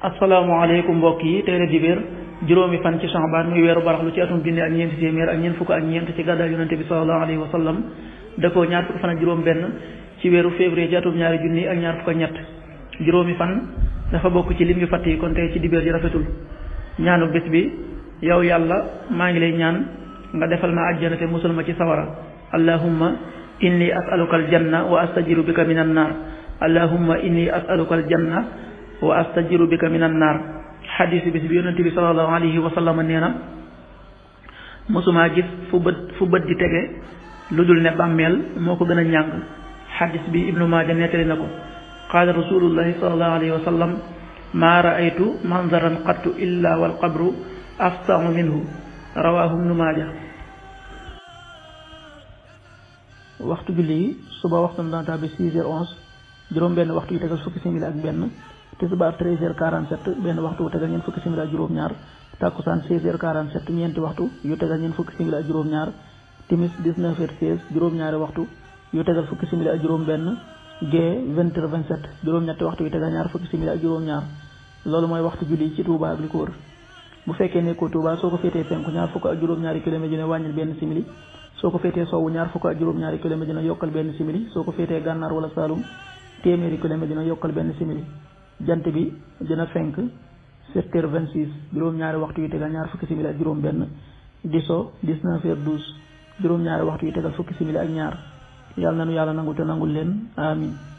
asalaamaaleykum mbokk yi tey la dibéer juróomi fan ci Shaabaan muy weeru baraxlu ci atum junni ak ñeenti téeméer ak ñeent fukk ak ñeent ci gàddaay yonente bi sallallahu alayhi wa sallam da koo ñaar fukk fan juróom benn ci weeru février ci atum ñaari junni ak ñaar fukk ak ñett juróomi fan dafa bokk ci lim yu fàtt yi kon tey ci dibéer ji rafetul ñaanu bés bi yow yàlla maa ngi lay ñaan nga defal ma àjjana te musal ma ci sawara allahumma inni asaluka aljanna wa astajiru bika min annaar allahumma inni asaluka aljanna wa astajiru bika minan naar xadis bi bis bi yonente bi sallallahu alayhi wa sallam nee na mosumaa gis fu bët fu bët di tege lu dul moo ko gën a ñàng xadis bi ibnu maaja nettali na ko qaala rasulullahi sallallahu alayhi wa rawaahu ibnu maaja waxtu bi lii suba waxtu daan taa bi six heures onze juróom benn waxtu yu tegal fukki simili ak benn tisbaar 13h47 benn waxtu wu tegal ñeent fukki simili waxtu yu tegal ñeent fukki simili ak juróom-ñaar timis juróom-ñaari waxtu yu tegal fukki simili ak juróom-benn gee 20h27 ñetti waxtu yu tegal ñaar fukki simili ak juróom-ñaar loolu mooy waxtu julli ci Touba ak li ko wër bu fekkee nekkoo Touba soo ko féetee penku ñaar fukk ak juróom-ñaari kilomètre yu ne wàññil benn simili soo ko féetee sowwu ñaar fukk ak juróom-ñaari kilomètre yu ne yokkal benn simili soo ko féetee gànnaar wala téeméeri kilomètre dina yokkal benn simili jant bi dina fenk sept heures vingt six juróom-ñaari waxtu yu tegal ñaar fukki simili ak juróom benn diso so dix neuf heures douze juróom-ñaari waxtu yu tegal fukki simili ak ñaar yal na nu yàlla nangu te nangul leen amin